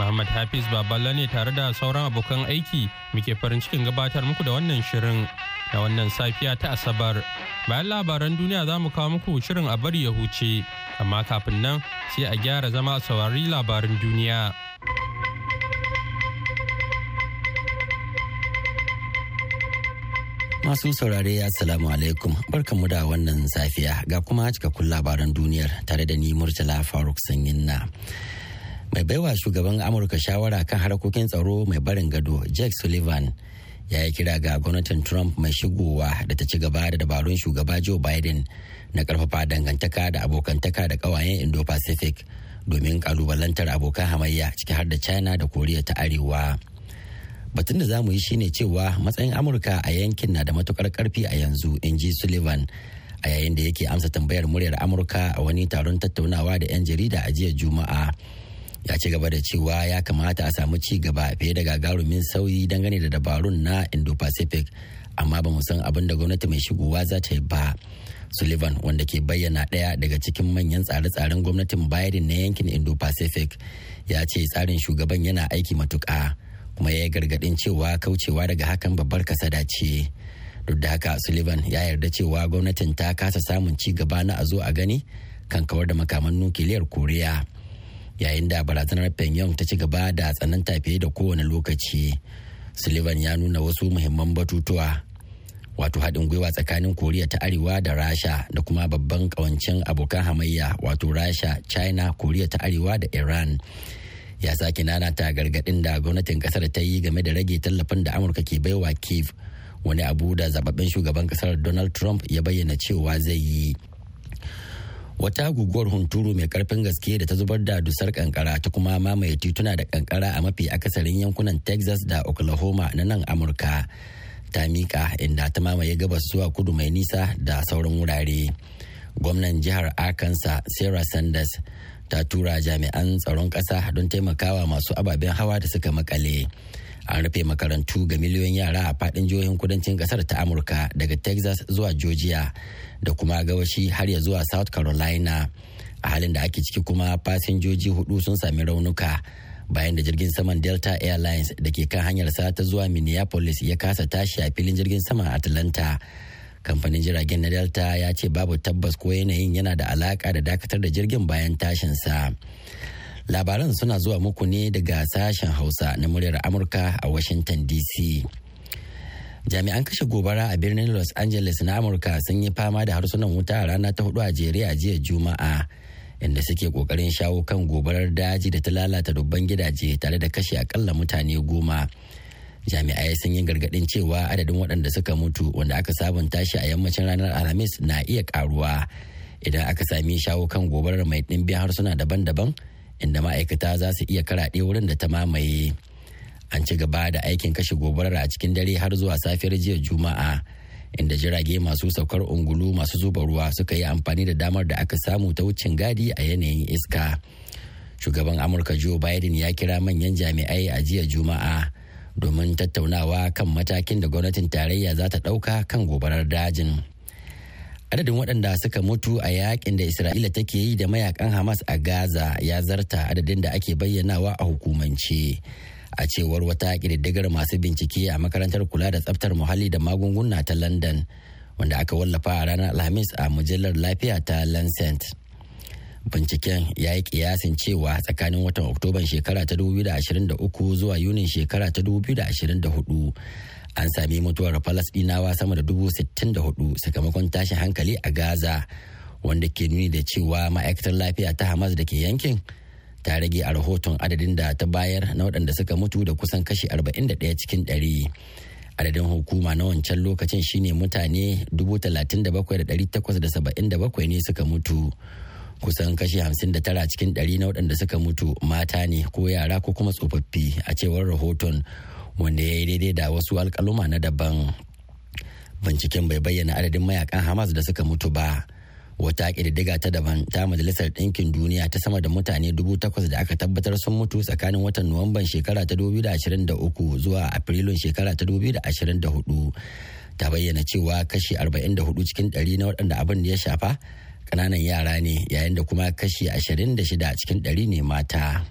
Muhammad Hafiz Baballa ne tare da sauran abokan aiki muke farin cikin gabatar muku da wannan shirin da wannan safiya ta Asabar. Bayan labaran duniya za mu kawo muku shirin a bari ya huce, amma kafin nan sai a gyara zama a saurari labarin duniya. Masu saurare Assalamu alaikum barkamu da wannan safiya ga kuma cikakkun labaran duniyar tare da ni Murtala Faruk Sanyin na. mai baiwa shugaban amurka shawara kan harkokin tsaro mai barin gado jake sullivan ya yi kira ga gwamnatin trump mai shigowa da ta ci gaba da dabarun shugaba joe biden na karfafa dangantaka da abokantaka da kawayen indo-pacific domin kalubalantar abokan hamayya ciki har da china da koriya ta arewa batun da za mu yi shine cewa matsayin amurka a yankin na da matukar karfi a yanzu in ji sullivan a yayin da yake amsa tambayar muryar amurka a wani taron tattaunawa da 'yan jarida a jiya juma'a ya ci gaba da cewa ya kamata a samu ci gaba fiye da gagarumin sauyi dangane da dabarun na indo-pacific amma ba mu san abin da gwamnati mai shigowa za ta yi ba sullivan wanda ke bayyana ɗaya daga cikin manyan tsare-tsaren gwamnatin biden na yankin indo-pacific ya ce tsarin shugaban yana aiki matuƙa kuma ya yi gargaɗin cewa kaucewa daga hakan babbar kasada ce duk da haka sullivan ya yarda cewa gwamnatin ta kasa samun ci gaba na a zo a gani kan kawar da makaman nukiliyar koriya yayin da barazanar Pyongyang ta ci gaba da tsananta fiye da kowane lokaci. Sullivan ya nuna wasu muhimman batutuwa wato haɗin gwiwa tsakanin Koriya ta Arewa da Rasha da kuma babban ƙawancin abokan hamayya wato Rasha, China, Koriya ta Arewa da Iran. Ya sake nanata gargaɗin da gwamnatin ƙasar ta yi game da rage tallafin da Amurka ke baiwa Kiev wani abu da zababben shugaban ƙasar Donald Trump ya bayyana cewa zai yi. wata guguwar hunturu mai karfin gaske da ta zubar da dusar kankara ta kuma mamaye tituna da kankara a mafi akasarin yankunan texas da oklahoma na nan amurka ta mika inda ta mamaye gabas zuwa kudu mai nisa da sauran wurare gwamnan jihar arkansas sarah sanders ta tura jami'an tsaron kasa don taimakawa masu ababen hawa da suka makale an rufe makarantu ga miliyoyin yara a fadin jihohin kudancin kasar ta amurka daga texas zuwa georgia da kuma gabashi har ya zuwa south carolina a halin da ake ciki kuma fasinjoji hudu sun sami raunuka bayan da jirgin saman delta airlines da ke kan hanyar sa ta zuwa minneapolis ya kasa tashi a filin jirgin saman atlanta kamfanin jiragen na delta ya ce babu tabbas ko yanayin yana da alaka da dakatar da jirgin bayan tashinsa labaran suna zuwa muku ne daga sashen hausa na muryar amurka a washington dc jami'an kashe gobara a birnin los angeles na amurka sun yi fama da harsunan wuta a rana ta hudu a jere a jiya juma'a inda suke kokarin shawo kan gobarar daji da ta lalata dubban gidaje tare da kashe akalla mutane goma jami'ai sun yi gargadin cewa adadin waɗanda suka mutu wanda aka sabunta shi a yammacin ranar alhamis na iya karuwa idan aka sami shawo kan gobarar mai ɗimbin harsuna daban-daban inda ma'aikata za su iya karaɗe wurin da ta mamaye an ci gaba da aikin kashe gobarar a cikin dare har zuwa safiyar jiya juma'a inda jirage masu saukar ungulu masu zuba ruwa suka yi amfani da damar da aka samu ta wucin gadi a yanayin iska shugaban amurka joe biden ya kira manyan jami'ai a jiya juma'a domin tattaunawa kan matakin da gwamnatin tarayya za ta ɗauka kan gobarar dajin. adadin waɗanda suka mutu a yaƙin da isra'ila take yi da mayakan hamas a gaza ya zarta adadin da ake bayyanawa a hukumance a cewar wata ƙididdigar masu bincike a makarantar kula da tsaftar muhalli da magunguna ta london wanda aka wallafa a ranar alhamis a mujallar lafiya ta lancet binciken ya yi kiyasin cewa tsakanin watan oktoban shekara ta 2023 zuwa yunin shekara ta 2024 an sami mutuwar falasɗinawa sama da dubu sittin da hudu sakamakon tashin hankali a gaza wanda ke nuni da cewa ma'aikatar lafiya ta hamas da ke yankin ta rage a rahoton adadin da ta bayar na waɗanda suka mutu da kusan kashi 41 cikin 100 adadin hukuma na wancan lokacin shine mutane 37,877 ne suka mutu kusan kashi 59 cikin 100 na waɗanda suka mutu mata ne ko yara ko kuma tsofaffi a cewar rahoton wanda ya yi daidai da wasu alkaluma na daban binciken bai bayyana adadin mayakan hamas da suka mutu ba wata ƙididdiga ta daban ta majalisar ɗinkin duniya ta sama da mutane dubu takwas da aka tabbatar sun mutu tsakanin watan nuwamban shekara ta 2023 zuwa afrilun shekara ta 2024 ta bayyana cewa kashi 44 cikin 100 na waɗanda abin da ya shafa ƙananan yara ne yayin da kuma kashi 26 cikin 100 ne mata.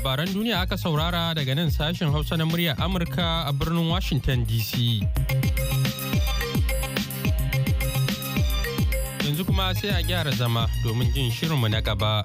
labaran duniya aka saurara daga nan sashen hausa na murya amurka a birnin washington dc yanzu kuma sai a gyara zama domin jin shirinmu na gaba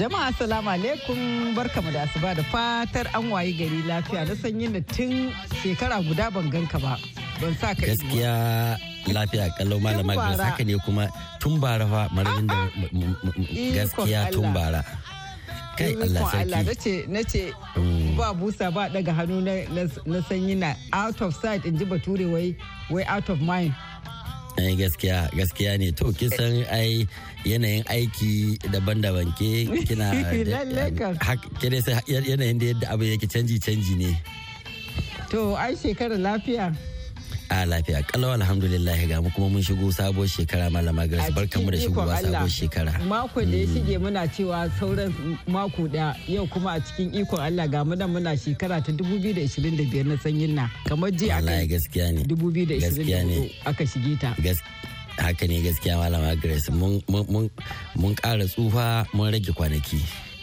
Jama'a salamu alaikum barkamu da asuba da fatar an wayi gari lafiya na sanyin da tun shekara guda ban ganka ba. Ban sa ka Gaskiya lafiya kallo malama sa ka ne kuma tun bara fa marin da ah, ah. gaskiya tun bara. Kai Allah sarki. Na ce mm. ba busa ba daga hannu na sanyi na out of sight in ji bature wai out of mind. ai eh, gaskiya gaskiya ne to kin san ai yanayin aiki daban-daban ke kina yanayin da yadda abu yake canji canji ne to ai shekara lafiya a lafiya kalau alhamdulillah ga mu kuma mun shigo sabuwar shekara malama grace barkamu da shigowa sabuwar shekara mako da ya mm. shige muna cewa sauran mako da yau kuma a cikin ikon Allah ga mu nan muna shekara ta 2025 na sanyin na kamar ji aka gaskiya ne 2024 aka shige ta haka ne gaskiya malama grace mun kara tsufa mun rage kwanaki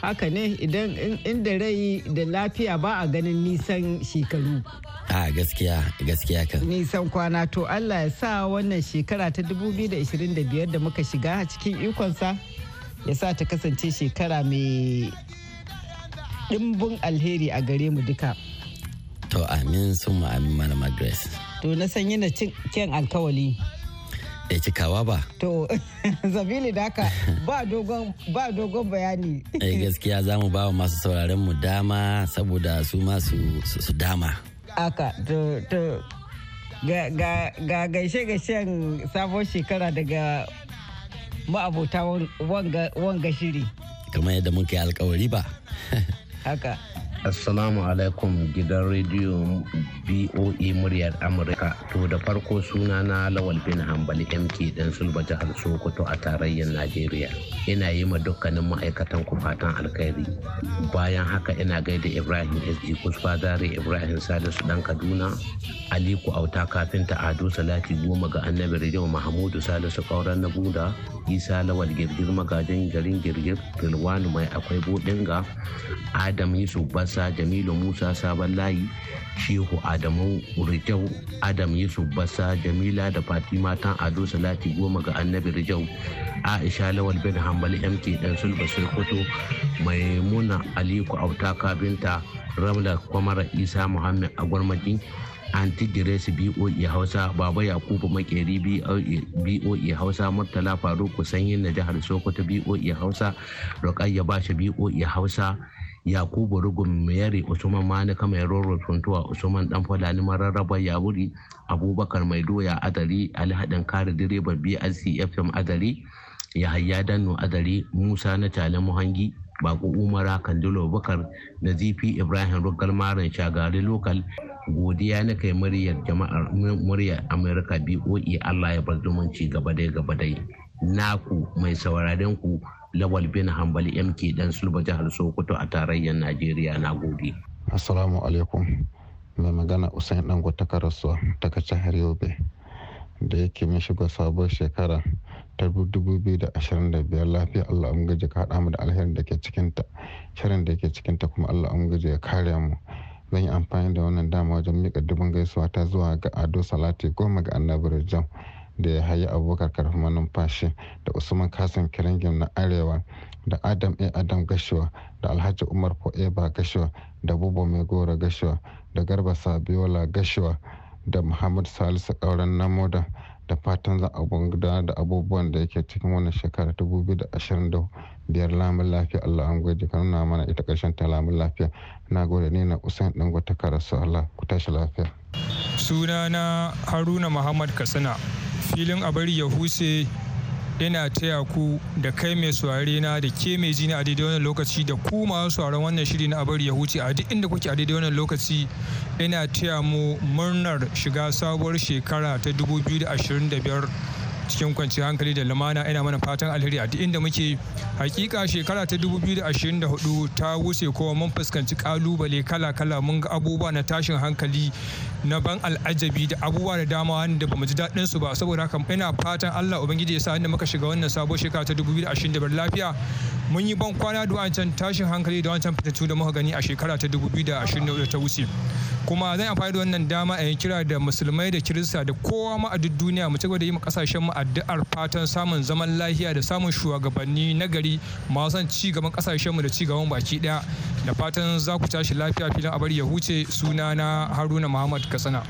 haka ne idan inda rai da lafiya ba a ganin nisan shekaru a gaskiya gaskiya kan nisan kwana to allah ya sa wannan shekara ta 2025 da muka shiga a cikin ikonsa ya sa ta kasance shekara mai dimbin alheri a gare mu duka to amin sun amin mana grace to na sanyi na cin alkawali da cikawa ba. To, zabili da ba ba dogon bayani. Ai eh, gaskiya za mu ba wa masu sauraren mu dama saboda su masu su dama. Aka to to ga gaishe gaishen sabon shekara daga ma'abota wanga shiri. Kamar yadda muka yi alkawari ba. Haka. Assalamu alaikum gidan rediyo voa e muryar amurka to da farko suna na lawal bin hambali mk dan sulba jihar sokoto a tarayyar najeriya ina yi ma dukkanin ma'aikatan kufatan alkhairi bayan haka ina gaida ibrahim sd kusfa zare ibrahim salisu dan kaduna aliku auta kafin ta ado salati goma ga annabi rijo mahamudu salisu kauran na buda isa lawal girgir magajin garin girgir tilwanu mai akwai budinga adam yusuf basa jamilu musa sabon layi shehu adamu rijau adam yusuf basa jamila da fatima tan ado salati goma ga annabi rijau aisha lawal bin Hanbal mk dan sulba sokoto maimuna aliku autaka binta ramla kwamara isa muhammad agwarmaki anti diresi boe hausa baba yakubu makeri boe e hausa murtala faruku sanyin na jihar sokoto boe hausa rukayya bashi boe hausa yakubu rugun mayari usman Mani kamar roro tuntuwa usman dan fulani mararraba ya yaburi abubakar mai doya adari alhadin kare direba fm adari yahaya danno adari musa na tale muhangi bako umara kandilo bakar na zp ibrahim rugal maran shagari lokal godiya na kai muryar jama'ar muryar amurka boe allah ya bar zumunci gaba dai gaba dai naku mai sauraren ku lawal bin hambali mk dan sulba jihar sokoto a tarayyar najeriya na gobe assalamu alaikum mai magana usain dango ta karasuwa daga jihar yobe da yake mai shiga sabuwar shekara ta 2025 lafiya allah gaji ka haɗa mu da alherin da ke cikinta shirin da ke cikinta kuma allah gaji ya kare mu zan yi amfani da wannan dama wajen miƙa dubin gaisuwa ta zuwa ga ado salati goma ga annabi da ya hayi abubakar karfi manumfashi da usman kasan kiringim na arewa da adam a adam gashiwa da alhaji umar fo'eba gashiwa da bubo mai gora gashiwa da garba sabiola gashiwa da muhammad salisu kauran namoda da fatan za a da abubuwan da yake cikin wannan shekara da ashirin biyar lamun lafiya Allah an gwaji ka nuna mana ita karshen ta lamun lafiya na gode ne na usain dango ta karasu Allah ku tashi lafiya sunana haruna muhammad katsina filin a bari ya huse ina taya ku da kai mai saurare na da ke mai jini a daidai wannan lokaci da ku masu sauraron wannan shiri na bari ya huce a duk inda kuke a daidai wannan lokaci ina taya mu murnar shiga sabuwar shekara ta 2025 cikin kwanciyar hankali da lumana ina mana fatan alheri a duk inda muke hakika shekara ta 2024 ta wuce kuma mun fuskanci kalubale kala-kala mun ga abubuwa na tashin hankali na ban al'ajabi da abubuwa da dama wanda bamu ji daɗin su ba saboda haka ina fatan Allah ubangiji ya sa inda muka shiga wannan sabo shekara ta 2025 lafiya mun yi ban kwana da wancan tashin hankali da wancan fitattu da muka gani a shekara ta 2020 ta wuce kuma zan amfani da wannan dama a kira da musulmai da kirista da kowa ma a duk duniya mu cigaba da yi ma kasashen mu addu'ar fatan samun zaman lafiya da samun shugabanni na gari masu son ci gaban kasashen mu da ci gaban baki daya da fatan za ku tashi lafiya filin bari ya huce sunana Haruna Muhammad Katsina.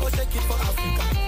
Oh, for Africa.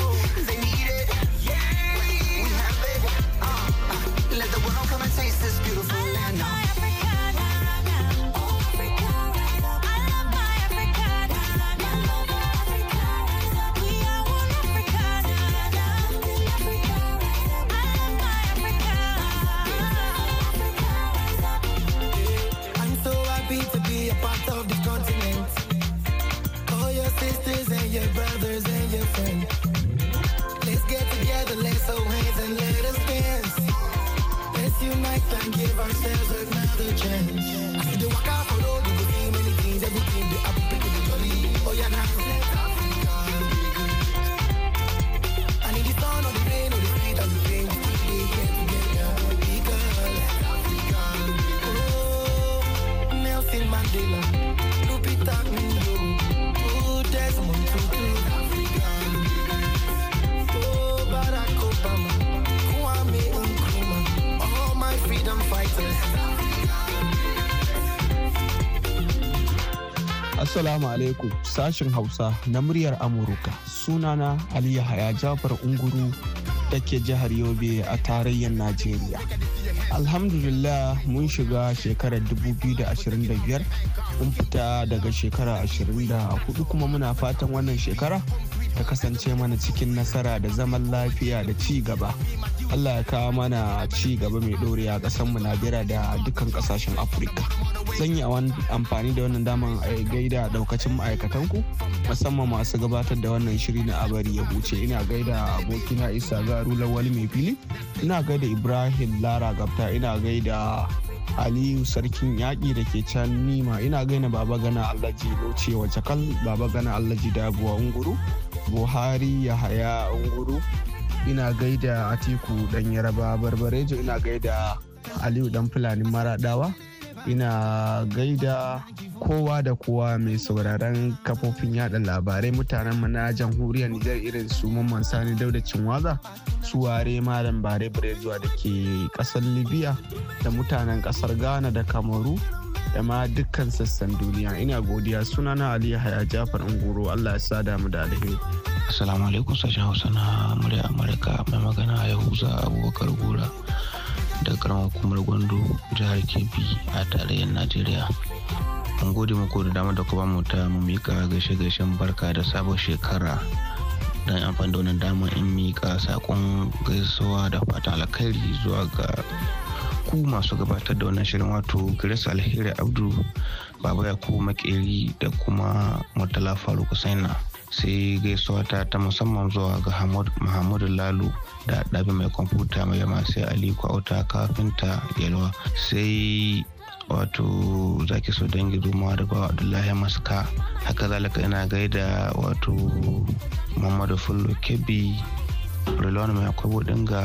alaikum sashen Hausa na muryar Amurka. Sunana Ali Yahaya Jafar Unguru da ke jihar Yobe a tarayyar Najeriya. Alhamdulillah mun shiga shekarar 2025 mun fita daga shekara 24 kuma muna fatan wannan shekara ta kasance mana cikin nasara da zaman lafiya da ci gaba allah ya kawo mana ci gaba mai ɗorewa a mu najeriya da dukkan kasashen afirka zan yi amfani da wannan daman gaida daukacin ma'aikatanku musamman masu gabatar da wannan shiri na abari ya huce ina gaida abokina isa garu lawali mai fili ina gaida ibrahim lara gabta ina gaida aliyu sarkin yaƙi da ke can nima ina gaina baba gana allaji loce wace cakal. baba gana allaji dabuwa unguru buhari yahaya unguru ina gaida atiku dan yaraba barbarejo ina gaida aliyu dan fulani maradawa ina gaida kowa da kowa mai sauraron kafofin yada labarai mutanen mu na jamhuriyar Nijar irin su Mamman Sani Dauda Cinwaza su ware malam bare bare zuwa da ke kasar Libya da mutanen kasar Ghana da Kamaru da ma dukkan sassan duniya ina godiya sunana ali haya jafar ungoro allah ya sa mu da alheri assalamu alaikum sashen hausa na murya amurka mai magana ya huza abubakar gora da karamar hukumar gwando jihar kebbi a tarayyar najeriya an gode muku da damar da kuma mu mu mika gaishe-gaishen barka da sabon shekara don amfani da wannan dama in mika saƙon gaisuwa da fatan alkhairi zuwa ga ku masu gabatar da wannan shirin wato grace alheri abdu baba yakubu makeri da kuma murtala faru kusaina sai gaisuwa ta ta musamman zuwa ga Muhammadu Lalu da ɗabi mai kwamfuta mai yama sai Ali Kwauta kafinta yalwa sai wato zaki so dangi zuma da bawa Abdullahi Maska haka zalika ina gaida wato Muhammadu Fullo kebi rilon mai akwai dinga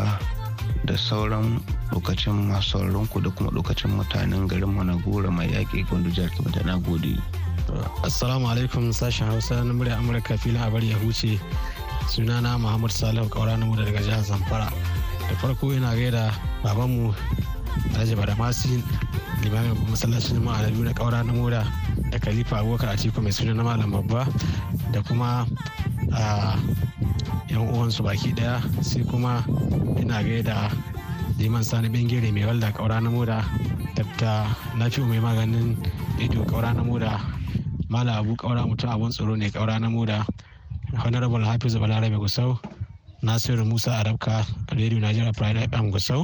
da sauran lokacin masu ku da kuma lokacin mutanen garin managora mai yaƙi gwandu jihar kebbi na gode. assalamu alaikum sashen hausa na murya amurka filin abar ya huce sunana muhammad salihu kaura na daga jihar zamfara da farko yana gaida babanmu alhaji Baramasi limamin masallacin jama'a na biyu na kaura na moda da khalifa abubakar atiku mai suna na malam babba da kuma ah, yan uwansu baki daya sai kuma ina gaida liman sani bengere mai walda kaura na moda tabta na fi mai maganin ido kaura na moda mala abu kaura mutum abun tsoro ne kaura na moda honorable hafiz balarabe gusau nasiru musa arabka radio nigeria pride fm gusau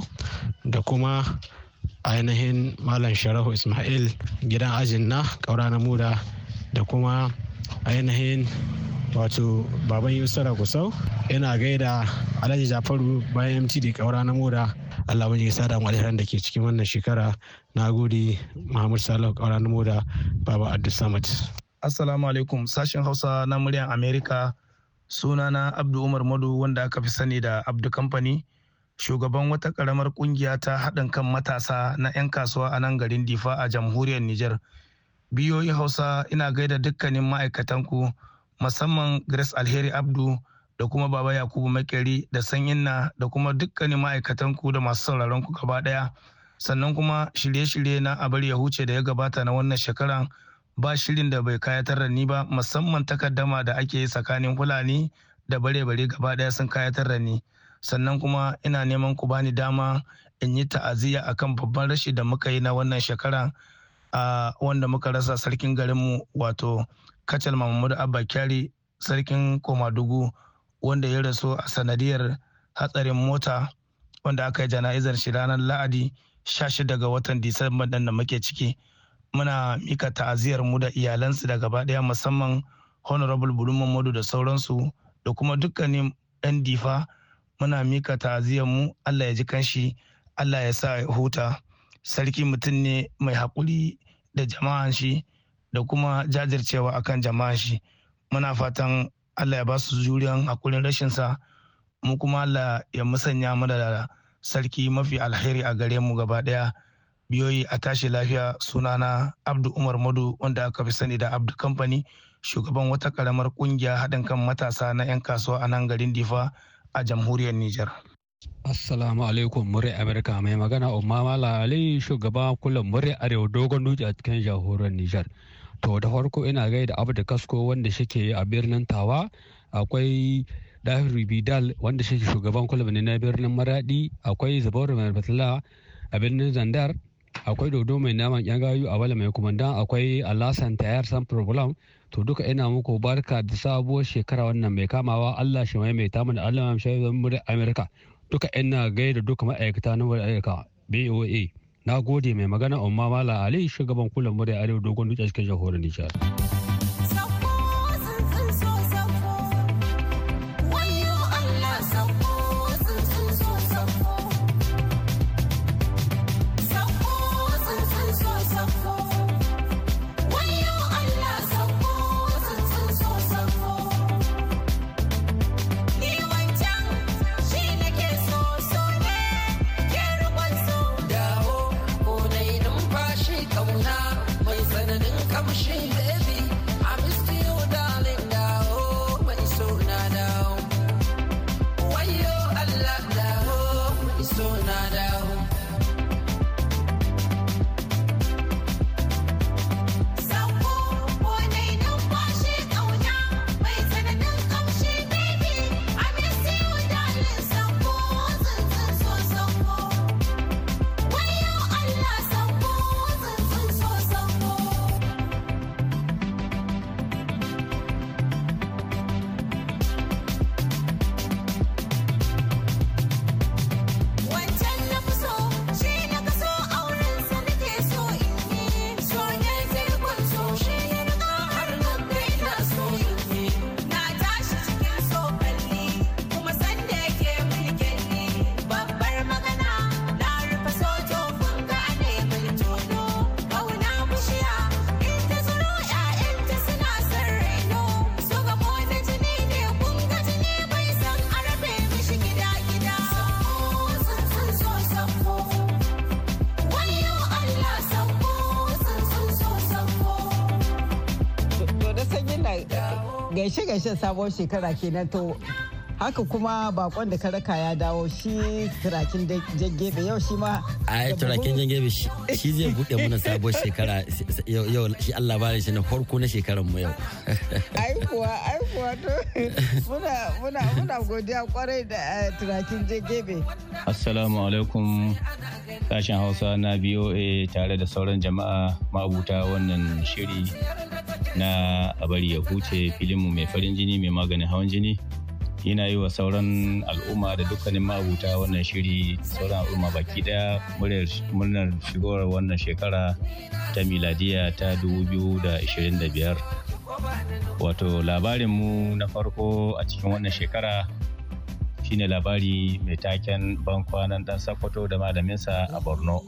da kuma ainihin malam sharahu ismail gidan ajin na kaura na moda da kuma ainihin wato baban yusra gusau ina gaida alhaji jafaru bayan da kaura na moda allah bane sada mu alheran da ke cikin wannan shekara na gode muhammad salihu kaura na moda baba abdul samad assalamu alaikum sashen hausa na muryan america na abdu umar madu wanda aka fi sani da abdu kamfani shugaban wata karamar kungiya ta haɗin kan matasa na 'yan kasuwa a nan garin difa a jamhuriyar Nijar biyoyi hausa ina gaida dukkanin ma'aikatanku ku musamman grace alheri abdu da kuma baba yakubu makeri da sanyinna da kuma dukkanin ma'aikatan ku da masu sauraron ku gaba daya sannan kuma shirye-shirye na abar ya huce da ya gabata na wannan shekaran ba shirin da bai kayatar da ni ba musamman takaddama da ake yi tsakanin fulani da bare-bare gaba daya sun kayatar da ni sannan kuma ina neman ku bani dama in yi ta'aziyya akan babban rashi da muka yi na wannan shekara a wanda muka rasa sarkin garinmu wato kacal mahmud abba kyari sarkin komadugu wanda ya rasu a sanadiyar hatsarin mota wanda aka yi jana'izar shi ranar la'adi 16 ga watan disamba dan da muke ciki muna mika ta'aziyar mu da iyalansu da gaba ɗaya musamman honorable bulu mamadu da sauransu da kuma dukkanin yan difa muna mika ta'aziyar mu allah ya ji kanshi allah ya sa huta sarki mutum ne mai haƙuri da jama'an shi da kuma jajircewa akan jama'a shi muna fatan allah ya ba su juriyan hakurin rashinsa mu kuma allah ya musanya mu da sarki mafi alheri a gare mu gaba daya biyoyi a tashi lafiya sunana abdu umar madu wanda aka fi sani da abdu Company shugaban wata karamar kungiya haɗin kan matasa na 'yan kasuwa a nan garin difa a jamhuriyar niger Assalamu alaikum muri Amerika mai magana Umma Mala Ali shugaba kullum muri Arewa dogon dutse a cikin jahoron Nijar. To da farko ina gaida Abdu Kasko wanda shike a birnin Tawa akwai Dahir Bidal wanda shi shugaban kulub na birnin Maradi akwai Zubairu Mai a birnin Zandar akwai Dodo Mai Naman Yan Gayu a Bala Mai Kumandan akwai Alasan Tayar San Problem to duka ina muku barka da sabuwar shekara wannan mai kamawa Allah shi mai ta mana Allah mai shaidar Amurka duka ina gaida duka ma'aikata na Amurka BOA na gode mai magana umma mala ali shugaban kula murya arewa dogon dutse cikin jamhuriyar nijar gaishe gaishe sabon shekara kenan to haka kuma bakon da karaka ya dawo shi turakin jangebe yau shi ma yi turakin jangebe shi zai bude mana sabon shekara yau shi Allah bari shi na farko na shekaran mu yau ai kuwa ai kuwa to muna muna muna godiya kwarai da eh, turakin jangebe assalamu alaikum sashen Hausa na biyo tare da sauran jama'a mabuta wannan shiri na a bari ya huce filinmu mai farin jini mai maganin hawan jini yana yi wa sauran al'umma da dukkanin mabuta wannan shiri sauran al'umma baki daya murnar shigowar wannan shekara ta miladiya ta 2025 wato labarinmu na farko a cikin wannan shekara shine labari mai taken ban kwanan dan sakwato da malaminsa a Borno.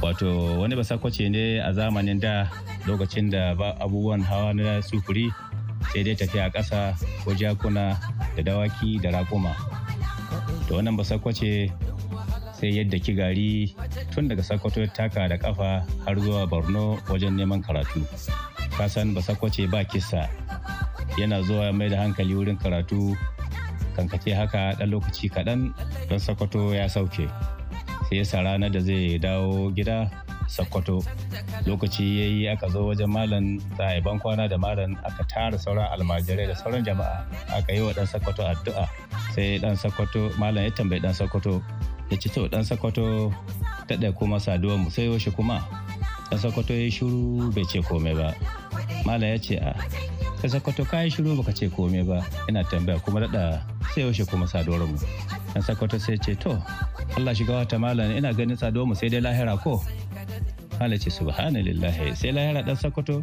Wato wani ba sakwace ne a zamanin da lokacin da ba abubuwan hawa na sufuri sai dai tafiya ƙasa ko jakuna da dawaki da raƙuma. To wannan ba sakwace sai yadda ki gari tun daga sakwato taka da kafa har zuwa Borno wajen neman karatu. Kasan ba sakwace ba kisa yana zuwa mai da hankali wurin karatu kankace haka ɗan lokaci kaɗan don sakwato ya sauke sai yasa ranar da zai dawo gida sakkwato lokaci ya yi aka zo wajen malam za a yi bankwana da malam aka tara sauran almajirai da sauran jama'a aka yi wa dan sakkwato addu'a sai dan sakkwato malam ya tambayi dan sakkwato ya ci to dan sakkwato ta ɗaya kuma saduwar mu sai yaushe kuma dan sakkwato ya yi shiru bai ce komai ba malam ya ce a ka sakkwato ka yi shiru baka ce komai ba Ina tambaya kuma daɗa sai yaushe kuma saduwar mu dan sakwata sai ce to Allah shiga wata malam ina ganin saduwar mu sai dai lahira ko Allah ce subhanallah sai lahira dan sakwato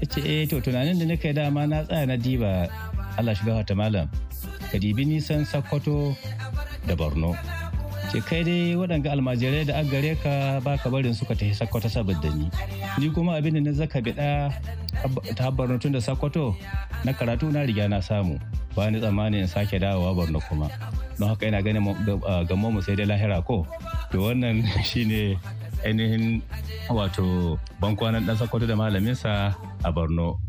ya ce eh to tunanin da nake dama na tsaya na diba Allah shiga wata malam ka dibi nisan sakwato da borno ce kai dai waɗanga almajirai da aka gare ka ba ka barin suka tafi sakwata saboda ni ni kuma abin da na zaka biɗa ta tun da Sokoto na karatu na riga na samu ba ni tsammanin in sake dawowa Borno kuma don haka ina ganin gamo mu sai dai lahira ko to wannan shine ainihin wato bankwanan dan sakwato da malaminsa a Borno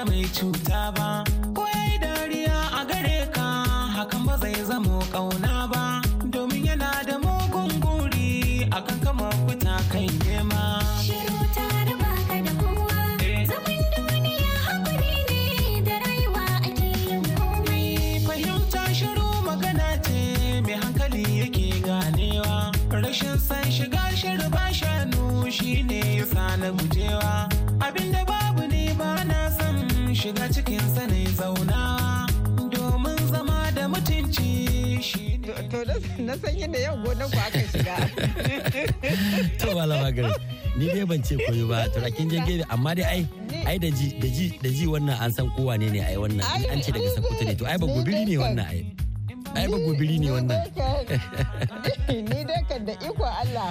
I mai cuta ba na san yadda yau gonar ku aka shiga to malama gari ni dai ban ce koyo ba to rakin jan gebe amma dai ai ai da ji da ji da ji wannan an san kowa ne ne ai wannan an ce daga sakkwato ne to ai ba gobiri ne wannan ai ai ba gobiri ne wannan ni dai kan da iko Allah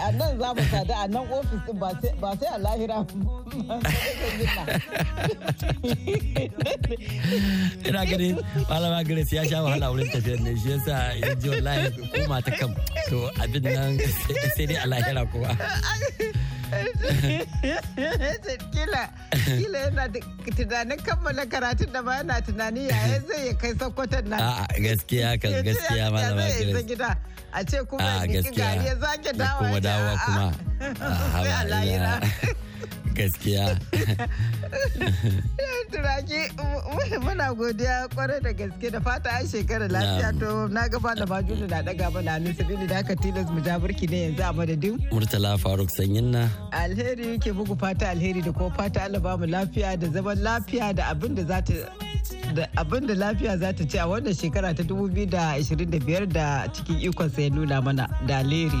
a nan za mu sadu a nan ofis din ba sai a lahira ina ganin malama grace ya sha wahala wurin tafiyar ne shi yasa ya ji wallahi koma ta kam to abin nan sai dai a lahira kuma kila kila yana tunanin kammala karatun da ba yana tunani yaya zai ya kai sokoton nan a gaskiya kan gaskiya ma zama gida a ce kuma ya gari ya zage dawa kuma dawa kuma sai a lahira gaskiya turaki muna godiya kwarai da gaske da fata an shekara lafiya to na gaba da bajulu na daga mana hannun sabili da aka tilas mu jaburki ne yanzu a madadin murtala faruk sanyin na alheri ke bugu fata alheri da kuma fata allah ba mu lafiya da zaman lafiya da abin da za ta da abin da lafiya za ta ce a wannan shekara ta 2025 da cikin ikonsa ya nuna mana da alheri.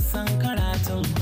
san karatun